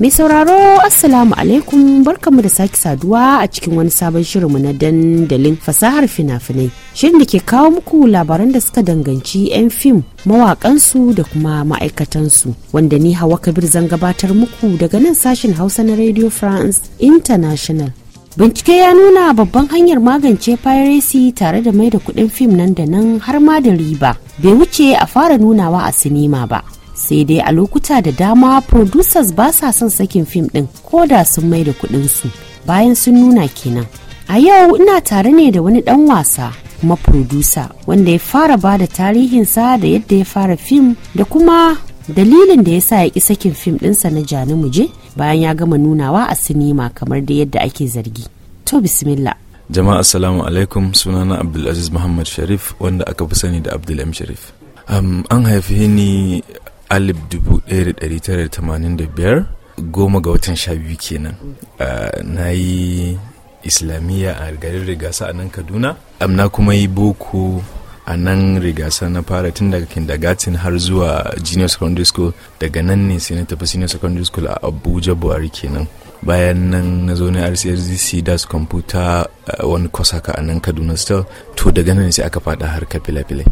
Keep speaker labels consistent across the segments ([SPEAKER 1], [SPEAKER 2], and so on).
[SPEAKER 1] Mai sauraro Assalamu alaikum barkamu da sake saduwa a cikin wani sabon shirinmu na dandalin fasahar fina-finai. Shirin da ke kawo muku labaran da suka danganci 'yan fim mawaƙansu da kuma ma'aikatansu wanda ni hawa kabir zan gabatar muku daga nan sashen Hausa na Radio France International. bincike ya nuna babban hanyar magance piracy tare da mai da kudin fim nan da nan har ma da riba bai wuce a fara nunawa a sinima ba sai dai a lokuta da dama producers ba sa son sakin fim ɗin ko da sun mai da su bayan sun nuna kenan a yau ina tare ne da wani ɗan wasa kuma producer wanda ya fara ba da tarihinsa da yadda ya fara fim da kuma dalilin da ya sa ya ƙi sakin fim ɗinsa na jani muje bayan ya gama nunawa a sinima kamar da yadda ake zargi to bismillah
[SPEAKER 2] jama'a assalamu alaikum sunana abdulaziz muhammad sharif wanda aka fi sani da abdul sharif an haifi ni 1985 goma ga watan sha biyu kenan na yi islamiyya a garin rigasa a nan kaduna amna kuma yi boko a nan rigasa na fara tun daga kindergarten har zuwa junior secondary school daga nan ne sai na tafi senior secondary school a abuja buhari kenan bayan nan na zo ne rcrgc das computer wani kwasaka a nan kaduna still to daga nan sai aka fada ka fila-filai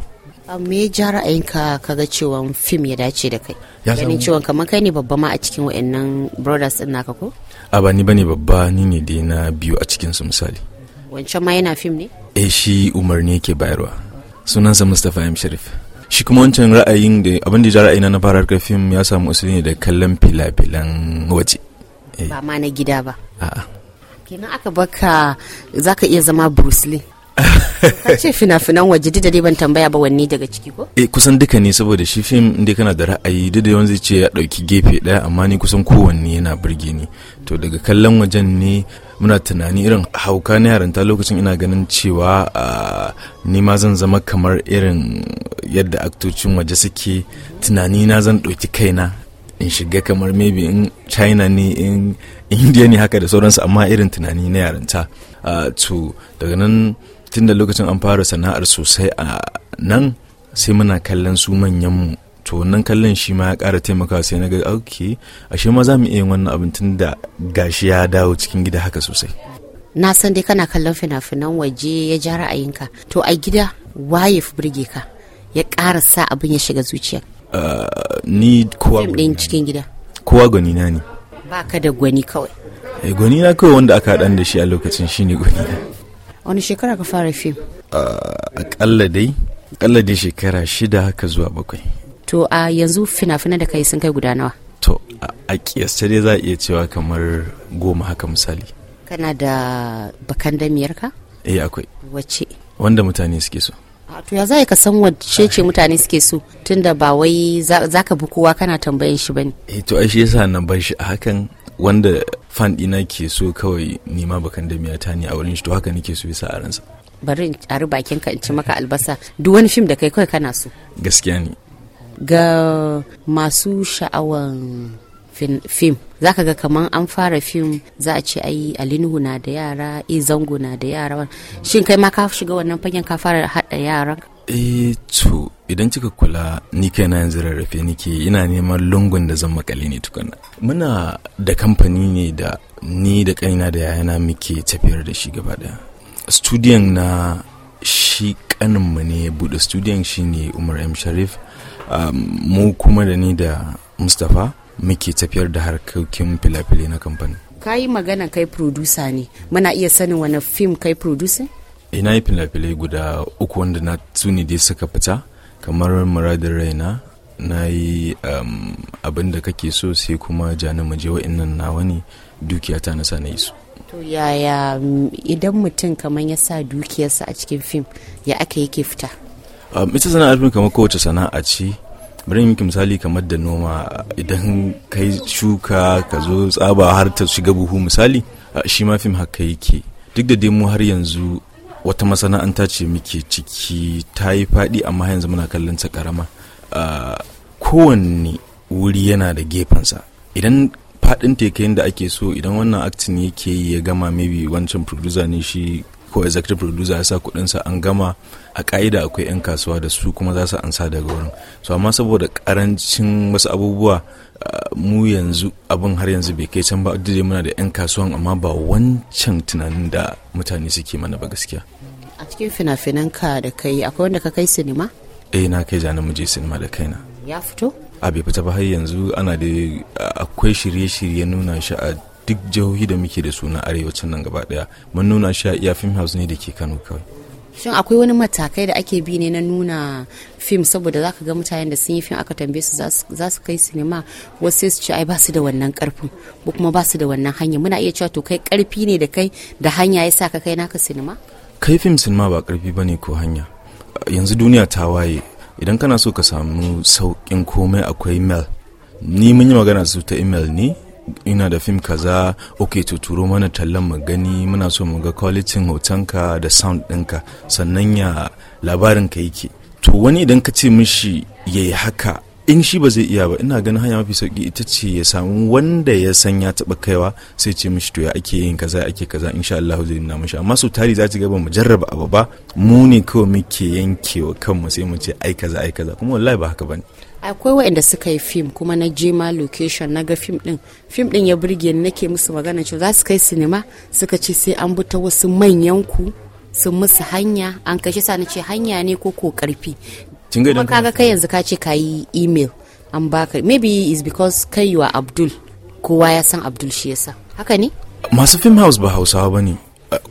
[SPEAKER 1] Uh, me ja ra'ayinka kaga cewa fim ya dace da kai ganin cewa kamar kai ne babba ma a cikin wa'annan brothers din naka ko
[SPEAKER 2] a ba ni bane babba ni ne dai na biyu a cikin su misali
[SPEAKER 1] wancan ma yana fim ne
[SPEAKER 2] eh shi umar ne yake bayarwa sunansa mustapha m sharif shi kuma wancan ra'ayin da abin da ja ra'ayina na fara harkar fim ya samu usuli ne da kallon filafilan waje
[SPEAKER 1] eh. ba ma na gida ba a'a kenan aka baka zaka iya zama bruce lee ce fina-finan waje duk da dai ban tambaya ba wanne daga ciki ko
[SPEAKER 2] eh kusan duka ne saboda shi fim dai kana da ra'ayi duk da yawan zai ce ya ɗauki gefe daya amma ni kusan kowanne yana birge ni to daga kallon wajen ne muna tunani irin hauka na yaranta lokacin ina ganin cewa ni ma zan zama kamar irin yadda aktocin waje suke tunani na zan ɗauki kaina in shiga kamar maybe in china ne in india ne haka da sauransu amma irin tunani na yaranta to daga nan tun da lokacin an fara sana'ar sosai a nan sai muna kallon su manyanmu to wannan kallon shi ma ya ƙara taimakawa sai na ga ok ashe ma za mu iya yin wannan abin tun da gashi ya dawo cikin gida haka sosai
[SPEAKER 1] na san dai kana kallon fina-finan waje ya ja ra'ayinka to a gida waye fi burge ka ya ƙara sa abin ya shiga zuciya
[SPEAKER 2] ah, ni
[SPEAKER 1] kowa gwani cikin gida
[SPEAKER 2] kowa gwani na ne
[SPEAKER 1] ba ka da gwani kawai
[SPEAKER 2] eh, gwani na kawai wanda aka haɗa da shi a lokacin shine gwani
[SPEAKER 1] wani shekara ka fara fim
[SPEAKER 2] a dai akalla dai shekara shida haka zuwa bakwai
[SPEAKER 1] to a yanzu fina finai da kai sun kai guda nawa
[SPEAKER 2] to a kiyasta dai za a iya cewa kamar goma haka misali
[SPEAKER 1] kana da bakan damiyarka. ka eh akwai wacce
[SPEAKER 2] wanda mutane suke so
[SPEAKER 1] to ya za ka san wacce ce mutane suke so tunda ba wai za ka bi kowa kana tambayan shi bane
[SPEAKER 2] eh to ai shi yasa na bar shi a hakan wanda fan ɗina ke so kawai nima bakan da miyata ne a wurin shi to haka nake so bisa a ransa
[SPEAKER 1] bari in ƙari bakin ka in ci maka albasa duk wani fim da kai kawai kana so gaskiya ne ga masu sha'awan fim za ka ga kamar an fara fim za a ce ai alinuhu na da yara e zango na da yara shin kai ma ka shiga wannan fagen ka fara hada yaran
[SPEAKER 2] eh to idan kika kula ni kaina yanzu rarrafe nike ina neman lungun da zan makale ne tukuna muna da kamfani ne da ni da kaina da yayana muke tafiyar da shi gaba daya studiyon na shi kaninmu ne bude studiyon shi ne umar m sharif mu kuma da ni da mustapha muke tafiyar da harkokin fila-fila na kamfani
[SPEAKER 1] ka yi magana kai producer ne muna iya sanin wani fim kai producer
[SPEAKER 2] ina yi fina-filai guda uku wanda na tuni dai suka fita kamar muradin raina na yi um, abin da kake so sai kuma jani muje wa'innan nawa ne dukiyata na sa na yi su
[SPEAKER 1] to yaya idan mutum kamar ya sa dukiyarsa a cikin fim ya aka yake fita
[SPEAKER 2] um, ita sana'ar fim kamar kowace sana'a ce bari miki misali kamar da noma idan kai shuka ka zo tsaba har ta shiga buhu misali shi ma fim haka yake duk da dai mu har yanzu wata masana'anta ce muke ciki ta yi faɗi amma yanzu muna kallon ta karama ah, kowanne wuri yana da gefensa idan faɗin tekayin da ake so idan wannan actin yake yi ya gama maybe wancan producer ne shi ko executive producer ya sa sa an gama a ka'ida akwai 'yan kasuwa da su kuma za su ansa daga wurin so amma saboda karancin wasu abubuwa mu yanzu abin har yanzu bai kai can ba duk muna da 'yan kasuwan amma ba wancan tunanin da mutane suke mana ba gaskiya
[SPEAKER 1] a cikin fina-finan ka da kai akwai wanda ka kai sinima
[SPEAKER 2] eh na kai jana mu sinima da kaina ya fito a bai fita ba har yanzu ana da akwai shirye-shirye nuna shi a duk jihohi da muke da su na arewacin nan gaba daya mun nuna shi a iya film house ne da ke kano kawai
[SPEAKER 1] shin akwai wani matakai da ake bi ne na nuna fim saboda za ka ga mutanen da sun yi fim aka tambaye su za su kai sinima wasu su ce ai ba su da wannan karfin ko kuma ba su da wannan hanya muna iya cewa to kai karfi ne da kai da hanya ya sa ka kai naka sinima
[SPEAKER 2] kai fim sinima ba karfi ba ne ko hanya yanzu duniya ta waye idan kana so ka samu sauƙin komai akwai mail ni mun yi magana su ta imel ne ina da fim kaza ok turo mana tallan mu gani muna so mu ga kwalitin hotonka da sound ɗinka sannan ya labarin ka yake to wani idan ka ce mishi ya yi haka in shi ba zai iya ba ina ganin hanya mafi sauki ita ce ya samu wanda ya san ya taba kaiwa sai ce mishi to ya ake yin kaza ake kaza insha Allah zai nuna mishi amma su tari za ta gaba mu jarraba abu ba mu ne kawai muke yankewa kanmu sai mu ce ai kaza ai kaza kuma wallahi ba haka bane
[SPEAKER 1] akwai waɗanda suka yi fim kuma na je ma location na ga fim din fim din ya burge ni nake musu magana cewa za su kai sinima suka ce sai an bi ta wasu manyan ku sun musu hanya an kashe sa na ce hanya ne ko ko karfi kuma kaga kai yanzu ka ce ka yi email an baka maybe is because kai abdul kowa ya san abdul shi yasa haka ne
[SPEAKER 2] masu film house ba hausawa ba ne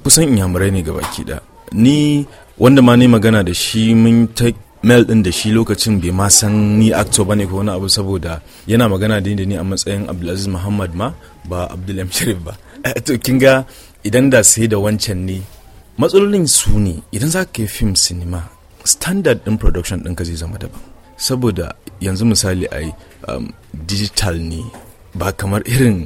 [SPEAKER 2] kusan inyamurai ne gabaki da ni wanda ma ne magana da shi mun ta mel din da shi lokacin bai ma san ni actor bane ko wani abu saboda yana magana da ni a matsayin abdulaziz muhammad ma ba abdul sharif ba eh, to kin ga idan da sai da wancan ne matsalolin su ne idan za ka yi fim sinima standard din production din ka zai zama daban saboda yanzu misali a um, digital ne ba kamar irin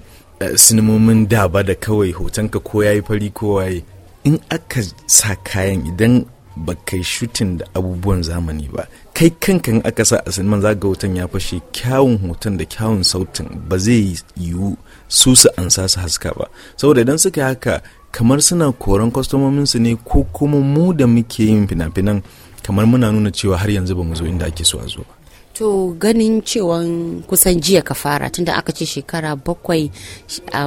[SPEAKER 2] uh, eh, sinimomin da ba da kawai hotonka ko ya yi fari ko waye in aka sa kayan idan ba kai shutin da abubuwan zamani ba kai kankan aka sa a sinman za ga hoton ya fashe kyawun hoton da kyawun sautin ba zai yiwu su su ansa su haska ba saboda idan suka yi haka kamar suna koran kwastomomin su ne ko kuma mu da muke yin fina-finan kamar muna nuna cewa har yanzu ba mu zo inda ake so a zo ba
[SPEAKER 1] to ganin cewan kusan jiya ka fara tunda aka ce shekara bakwai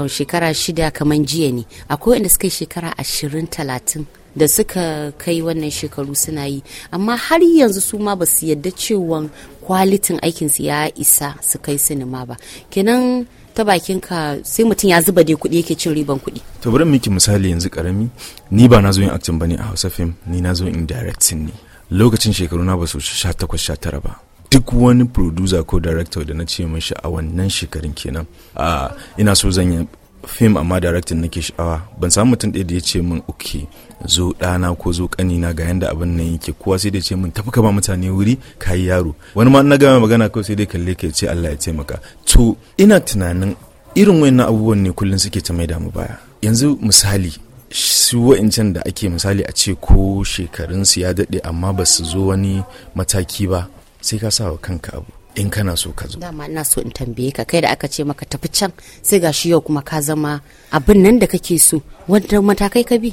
[SPEAKER 1] shekara shida kamar jiya ne akwai wanda suka yi shekara ashirin talatin da suka kai wannan shekaru suna yi amma har yanzu su ma ba su yadda cewan kwalitin aikinsu ya isa su kai sinima ba kenan ta bakin ka sai mutum ya zuba dai kuɗi yake cin riban kuɗi.
[SPEAKER 2] to bari miki misali yanzu karami ni ba na zo yin acting bane a hausa film ni na zo yin directing ne lokacin shekaru na ba su sha tara ba duk wani producer ko director da na ce mashi a wannan shekarun kenan a ina so zan yi fim amma director nake sha'awa ban samu mutum ɗaya da ya ce min ok zo ɗana ko zo ƙanina ga yanda abin nan yake kowa sai da ce min tafi ka mutane wuri ka yi yaro wani ma na gama magana kawai sai dai kalle ka ce Allah ya taimaka to ina tunanin irin wayannan abubuwan ne kullum suke ta maida mu baya yanzu misali su wa'incan da ake misali a ce ko shekarunsu ya daɗe amma ba su zo wani mataki ba sai ka sawa kanka abu in kana so ka zo
[SPEAKER 1] dama ina so in tambaye ka kai da aka ce maka tafi can sai gashi yau kuma ka zama abin nan da kake so wanda matakai ka bi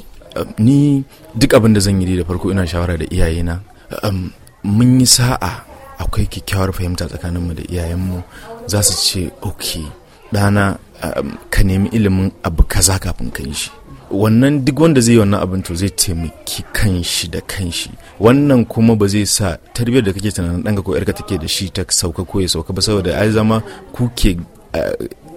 [SPEAKER 2] ni duk abin da zan yi da farko ina shawara da iyayena mun yi sa'a akwai kyakkyawar fahimta tsakanin tsakaninmu da iyayenmu za su ce ok ɗana ka nemi ilimin abu kaza kafin ka yi shi wannan duk wanda zai yi wannan abin to zai taimaki kanshi da kanshi wannan kuma ba zai sa tarbiyyar da kake tunanin ɗanka ko yarka take da shi ta sauka ko ya sauka ba saboda ai zama kuke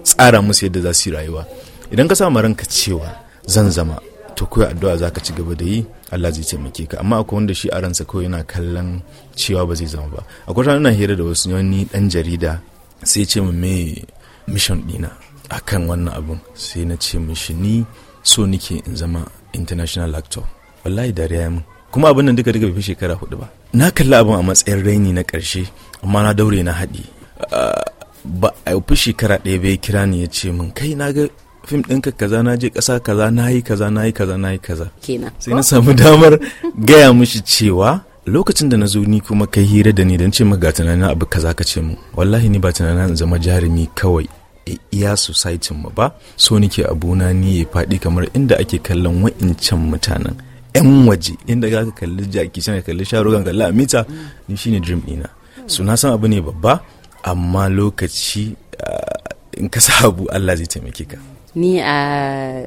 [SPEAKER 2] tsara musu yadda za su yi rayuwa idan ka sa ranka cewa zan zama to koyi addu'a za ka ci gaba da yi Allah zai taimake ka amma akwai wanda shi a ransa kawai yana kallon cewa ba zai zama ba akwai ranar ina hira da wasu wani dan jarida sai ce mu me mission dina akan wannan abun sai na ce mishi ni so nike in zama international actor wallahi dariya ya kuma abin nan duka duka bai fi shekara hudu ba na kalli abin a matsayin raini na karshe amma na daure na haɗi ah, ba a fi shekara ɗaya bai kira ni ya ce min kai na ga fim ɗinka kaza na je ƙasa kaza na yi kaza na yi kaza na yi kaza sai na samu damar gaya mishi cewa lokacin da na zo ni kuma kai hira da ni don ce maka ga tunanin abu kaza ka ce mu wallahi ni ba tunanin zama jarumi kawai iya society mu ba so nake abuna ni ya faɗi kamar inda ake kallon wa'incan mutanen yan waje inda za ka kalli jaki sai ka kalli sharugan kalli amita ni shine dream ɗina so na san abu ne babba amma lokaci ah, in ka sa abu Allah zai taimake ka
[SPEAKER 1] ni a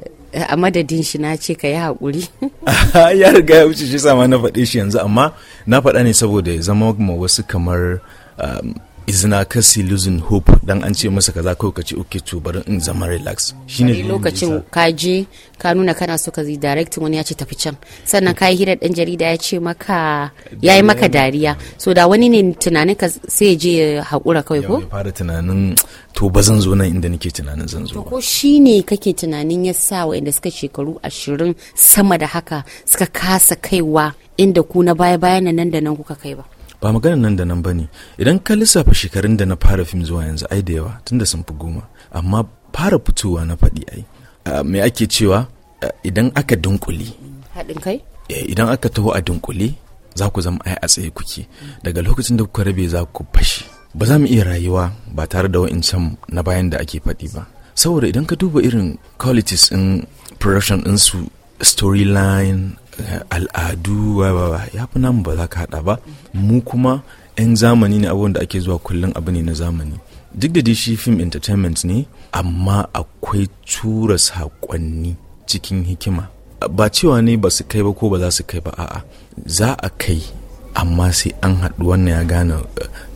[SPEAKER 1] ah, a madadin shi na ce ka yi haƙuri.
[SPEAKER 2] ya riga ya wuce shi sama na faɗe shi yanzu amma na faɗa ne saboda ya zama ma wasu kamar ah, izina kasi losing hope dan an ce masa kaza ko kace okay to bari in zama relax shine
[SPEAKER 1] lokacin ka je ka nuna kana so ka zi direct wani ya ce tafi can sannan ka hira hirar dan jarida ya ce maka yayi maka dariya so da wani ne tunanin ka sai je hakura kawai ko ya
[SPEAKER 2] fara tunanin to ba zan zo nan inda nake tunanin zan zo ko
[SPEAKER 1] shine kake tunanin ya sa wa'anda suka shekaru ashirin sama da haka suka kasa kaiwa inda ku na baya bayan nan da nan kuka kai ba
[SPEAKER 2] ba maganan nan da nan ba ne idan ka lissafa shekarun da na fara fim zuwa yanzu ai da yawa da sun fi goma amma fara fitowa na faɗi ai me ake cewa idan aka dunkule haɗin kai eh, idan aka taho a dunkule za ku zama ai a tsaye kuke daga lokacin da kuka rabe za ku fashi ba za mu iya rayuwa ba tare da wa'incan na bayan da ake faɗi ba saboda idan ka duba irin qualities in production ɗinsu storyline al'adu ya fi namu ba za ka haɗa ba mu kuma 'yan zamani ne abubuwan da ake zuwa kullum abu ne na zamani duk da shi film entertainment ne amma akwai tura saƙonni cikin hikima ba cewa ne ba su kai ba ko ba za su kai ba a'a za a kai amma sai an haɗu wannan ya gane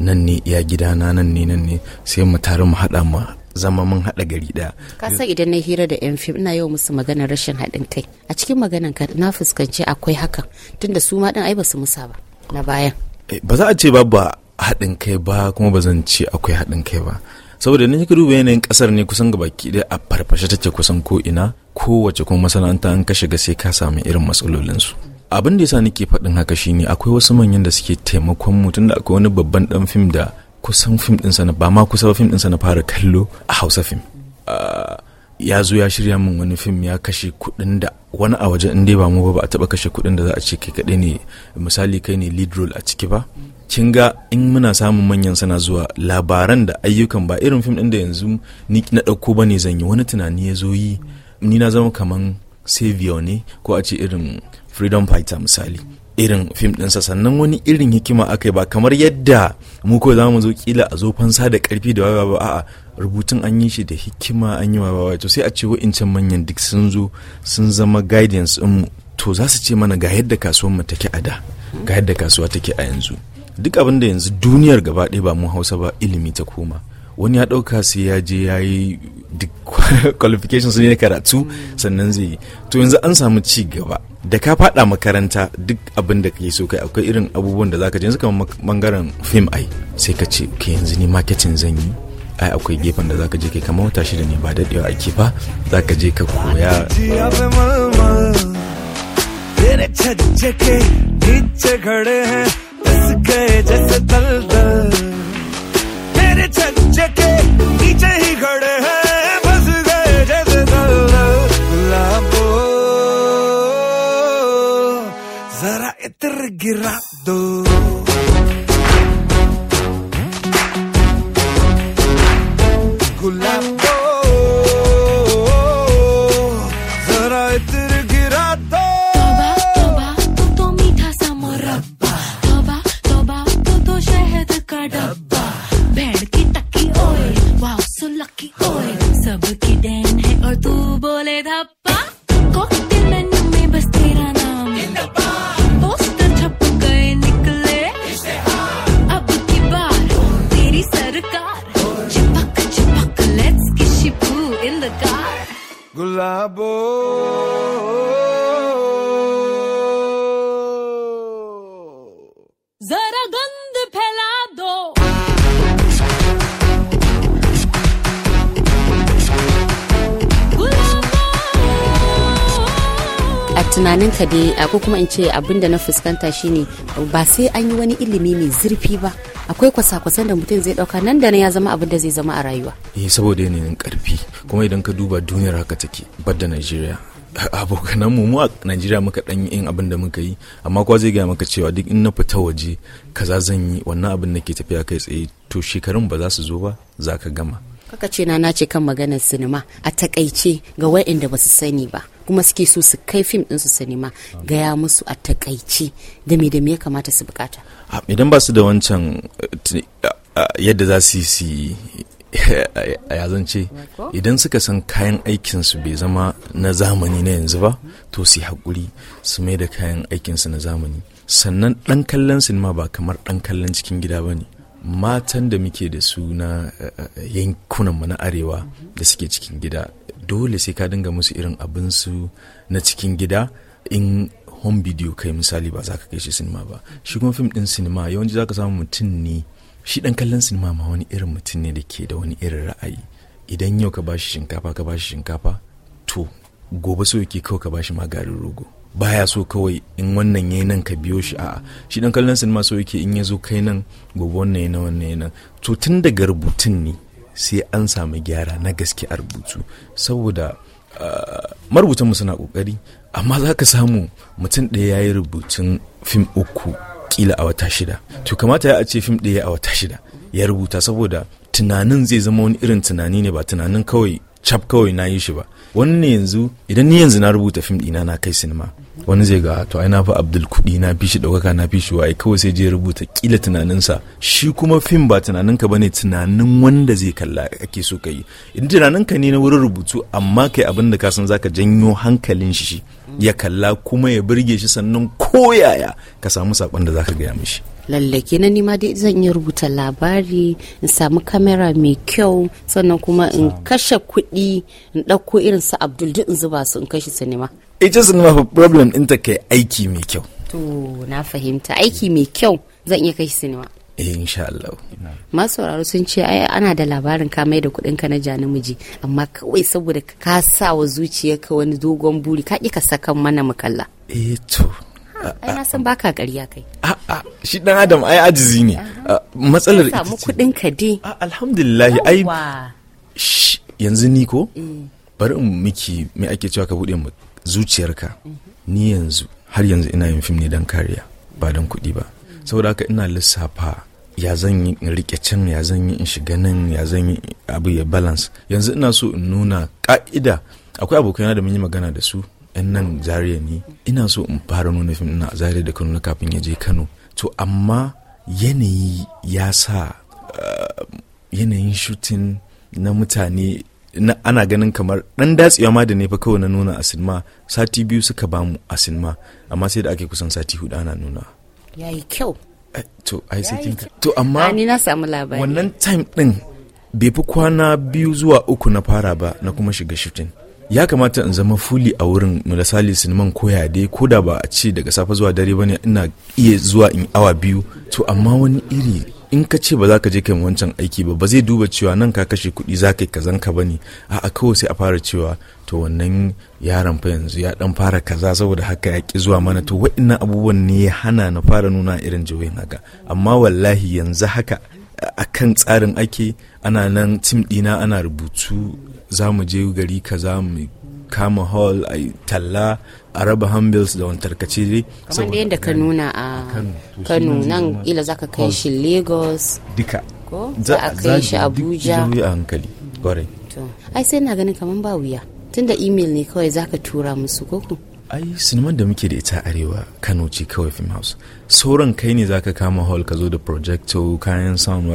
[SPEAKER 2] nan ne ya gidana nan ne nan ne sai mu tare mu haɗa ma zama mun haɗa gari ɗaya. kasa
[SPEAKER 1] idan na hira da yan fim ina yau musu maganar rashin haɗin kai a cikin maganar ka na fuskanci akwai hakan tunda su ma ɗin ai basu musa ba na bayan.
[SPEAKER 2] Eh, ba za a ce ba ba haɗin kai ba kuma ba zan ce akwai haɗin kai ba saboda ni ka duba yanayin kasar ne kusan gabaki ɗaya a farfashe take kusan ko ina kowace kuma masana'anta an ka shiga sai ka samu irin matsalolinsu. abin da yasa nake faɗin haka shine akwai wasu manyan da suke taimakon mu tunda akwai wani babban dan fim da kusan fim din na ba ma kusa ba fim sa na fara kallo a hausa fim ah, ya zo ya shirya min wani fim ya kashe kuɗin da wani a waje in dai ba mu ba a taba kashe kuɗin da za a ce kai kaɗai ne misali kai ne lead role a ciki ba kin ga in muna samun manyan sana zuwa labaran da ayyukan ba irin fim din da yanzu ni na ɗauko ba ne zan yi wani tunani ya zo yi ni na zama kaman savior ne ko a ce irin freedom fighter misali irin fim ɗinsa sannan wani irin hikima aka yi ba kamar yadda mu ko za mu zo kila a zo fansa da karfi da wawa a'a rubutun an yi shi da hikima an yi wawa to sai a ce wa'incan manyan duk sun zo sun zama guidance din mu to za su ce mana ga yadda kasuwar mu take a da ga yadda kasuwa take a yanzu duk abin da yanzu duniyar gaba ɗaya ba mu hausa ba ilimi ta koma wani ya ɗauka sai ya je ya yi qualifications ne karatu sannan zai yi to yanzu an samu ci gaba da ka fada makaranta duk abin da kake so kai akwai irin abubuwan da zaka je yanzu kamar bangaren film ai sai ka ce ke yanzu ni marketing zan yi ai akwai gefen da zaka je kai kamar wata shida ne ba daɗewa ake ba zaka je ka koya खड़े हैं जैसे नीचे के नीचे ही खड़े हैं बस गए जैसे दल जरा इतर गिरा
[SPEAKER 1] tunaninka dai ko kuma in ce abinda na fuskanta shine ba sai an yi wani ilimi mai zurfi ba akwai kwasa-kwasan da mutum zai dauka nan da ya zama abin da zai zama a rayuwa
[SPEAKER 2] eh saboda yanayin karfi kuma idan ka duba duniyar haka take badda najeriya abokanan mu mu a Najeriya muka dan yin abin da muka yi amma kwa zai gaya maka cewa duk in na fita waje kaza zan yi wannan abin da ke tafiya kai tsaye to shekarun ba za su zo ba za ka gama
[SPEAKER 1] kaka ce na nace kan maganar sinima a takaice ga wa'inda ba su sani ba kuma suke so su kai fim din su sinima gaya musu a takaice da me da me ya kamata su bukata
[SPEAKER 2] idan ba su da wancan eh, yadda za su yi ya ce idan suka san kayan aikinsu bai zama na zamani na yanzu ba to su haƙuri su mai da kayan aikinsu na zamani sannan ɗan kallon sinima ba kamar ɗan kallon cikin gida ba ne matan da muke da su na eh, eh, yankunanmu na arewa da suke cikin gida dole sai ka dinga musu irin abinsu na cikin gida in home video kai misali ba za ka kai shi sinima ba shi kuma fim ɗin sinima yawanci za ka samu mutum ne shi dan kallon sinima ma wani irin mutum ne da ke da wani irin ra'ayi idan yau ka bashi shinkafa ka bashi shinkafa to gobe so yake kawai ka bashi magarin rogo baya so kawai in wannan yayi nan ka biyo shi a'a shi dan kallon sinima so yake in ya zo kai nan gobe wannan yayi nan wannan yayi nan to tun daga rubutun ne sai an samu gyara na gaske a rubutu saboda ah, mu suna kokari amma za ka samu mutum ɗaya ya yi rubutun fim uku kila a wata shida to kamata ya a ce fim ɗaya a wata shida ya rubuta saboda tunanin zai zama wani irin tunani ne ba tunanin kawai cap kawai na yi shi ba wani ne yanzu idan ni yanzu na rubuta fim ɗina na kai sinima wani zai ga to ai na fi abdul kudi na fi shi ɗaukaka na fi shi waye kawai sai je rubuta kila tunaninsa shi kuma fim ba tunanin ka bane tunanin wanda zai kalla ake so ka yi tunanin ka ne na wurin rubutu amma kai abin da ka san zaka janyo hankalin shi ya kalla kuma ya burge shi sannan koyaya ka samu sakon da zaka gaya mishi
[SPEAKER 1] lallake na nima dai zan iya rubuta labari in samu kamera mai kyau sannan kuma in kashe kuɗi in ɗauko irin su abdul duk in zuba su in kashe sinima
[SPEAKER 2] ita sinima fa problem ɗinta kai aiki mai kyau
[SPEAKER 1] to na fahimta aiki mai kyau zan iya kashe sinima
[SPEAKER 2] eh, insha Allah.
[SPEAKER 1] Masu sauraro sun ce ai ana da labarin ka mai da kuɗin ka na ja namiji amma kawai saboda ka sa wa zuciyarka wani dogon buri ka ƙi ka sakan mana mukalla.
[SPEAKER 2] Eh to ai
[SPEAKER 1] na san baka ƙarya kai
[SPEAKER 2] a'a ah, ah, shi dan adam ai ajizi ne ah, matsalar ita samu
[SPEAKER 1] kudin ka dai alhamdulillah
[SPEAKER 2] ai yanzu ni ko eh. bari in miki me ake cewa ka bude mu zuciyarka mhm. ni yanzu har yanzu ina yin fim ne dan kariya ba dan kuɗi ba mm. saboda haka ina lissafa ya zan yi in rike can ya zan yi in shiga nan ya zan yi abu ya balance yanzu ina so in nuna ka'ida akwai abokaina da mun yi magana da su in nan zariya ne ina so in fara nuna fim na zariya da Kano na kafin ya je Kano to amma yanayi ya sa eh, yanayin shooting na mutane ana ganin kamar dan datsewa ma da ne fa kawai na nuna a sinima sati biyu suka bamu a sinima amma sai da ake kusan sati hudu ana nuna eh, to amma samu labari wannan time din bai fi kwana biyu zuwa uku na fara ba na kuma shiga shifting ya kamata in zama fuli a wurin misali sinman koya dai ko da ba a ce daga safe zuwa dare bane ina iya zuwa in awa biyu to amma wani iri in ka ce ba za ka je kai wancan aiki ba ba zai duba cewa nan ka kashe kuɗi za ka yi kazan ka bane a'a kawai sai a fara cewa to wannan yaron fa yanzu ya dan fara kaza saboda haka ya ki zuwa mana to wainnan abubuwan ne ya hana na fara nuna irin jihohin haka amma wallahi yanzu haka a kan tsarin ake ana nan tim ɗina ana rubutu za mu je gari za mu kama hall a talla a raba handbills da wani tarkace dai kamar da
[SPEAKER 1] yadda ka nuna a kano nan ila za ka kai shi lagos duka za a kai shi abuja
[SPEAKER 2] a hankali gwarai
[SPEAKER 1] ai sai na ganin kamar ba wuya tunda email ne kawai za ka tura musu koko
[SPEAKER 2] ai sinimar da muke da ita arewa kano ce kawai film house sauran kai ne zaka kama hall ka zo da projector kayan sound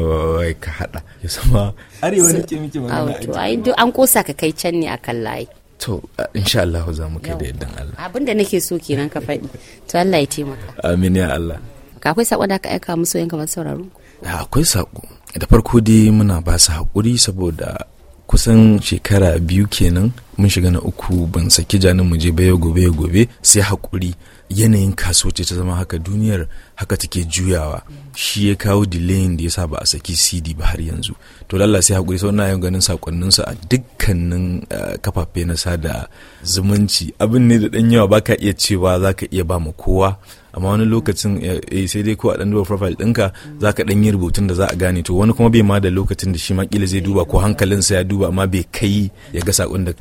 [SPEAKER 2] ka hada ya sama arewa ne ke
[SPEAKER 1] muke magana oh, ai duk an kosa ka kai can ne akan layi
[SPEAKER 2] to insha Allah za mu kai
[SPEAKER 1] da yaddan Allah abin da nake so kenan ka faɗi to Allah ya taimaka
[SPEAKER 2] amin ya Allah
[SPEAKER 1] ka akwai sako da aka aika musu yanka sauraron ku
[SPEAKER 2] akwai sako da farko dai muna ba su haƙuri saboda kusan shekara biyu kenan mun shiga na uku ban saki janin mu je ba yau gobe yau gobe sai hakuri yanayin kasuwanci ta zama haka duniyar haka take juyawa shi ya kawo delayin da ya sa ba a saki cd ba har yanzu to lalla sai hakuri sau na yau ganin sakonnin a dukkanin eh, kafafe na sada zumunci abin ne da dan yawa baka iya cewa zaka iya ba mu kowa amma wani lokacin eh, eh, sai dai ko a dan duba profile ɗinka za ka dan yi rubutun da za a gane to wani kuma bai ma da lokacin da shi ma kila zai duba ko hankalinsa ya duba amma bai kai ya ga sakon da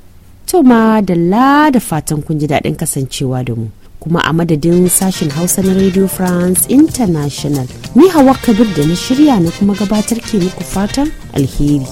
[SPEAKER 1] to ma da la da fatan kun ji daɗin kasancewa da mu kuma a madadin sashen hausa na radio france international ni hawa kabir da na shirya na kuma gabatar ke muku fatan alheri